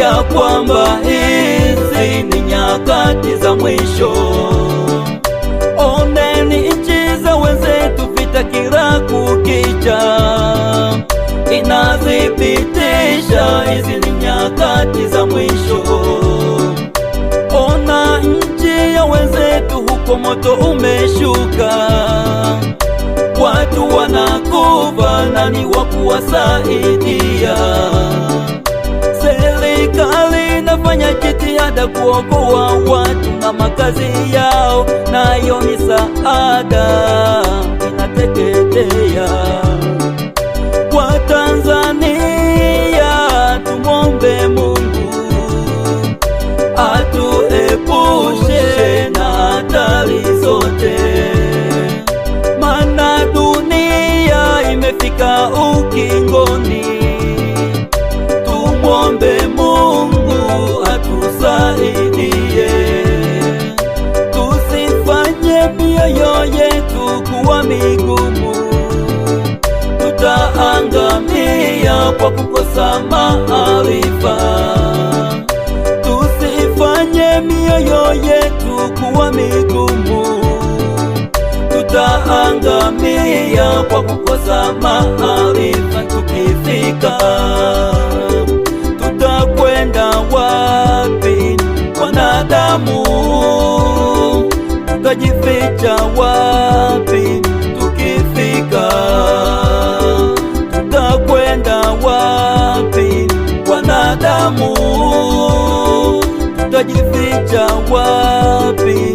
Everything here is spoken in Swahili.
ya kwamba hizi ni nyakati za mwisho. Oneni nchi za wenzetu, vita kila kukicha inazipitisha hizi ni nyakati za mwisho. Ona nchi ya wenzetu, huko moto umeshuka, watu wanakufa, wakuwa wa kuwasaidia? kuokoa watu na makazi ya migumu, tutaangamia kwa kukosa maarifa. Tusifanye mioyo yetu kuwa migumu, tutaangamia kwa kukosa maarifa. Tukifika tutakwenda wapi wanadamu? Tutajificha wapi? Tunajificha wapi?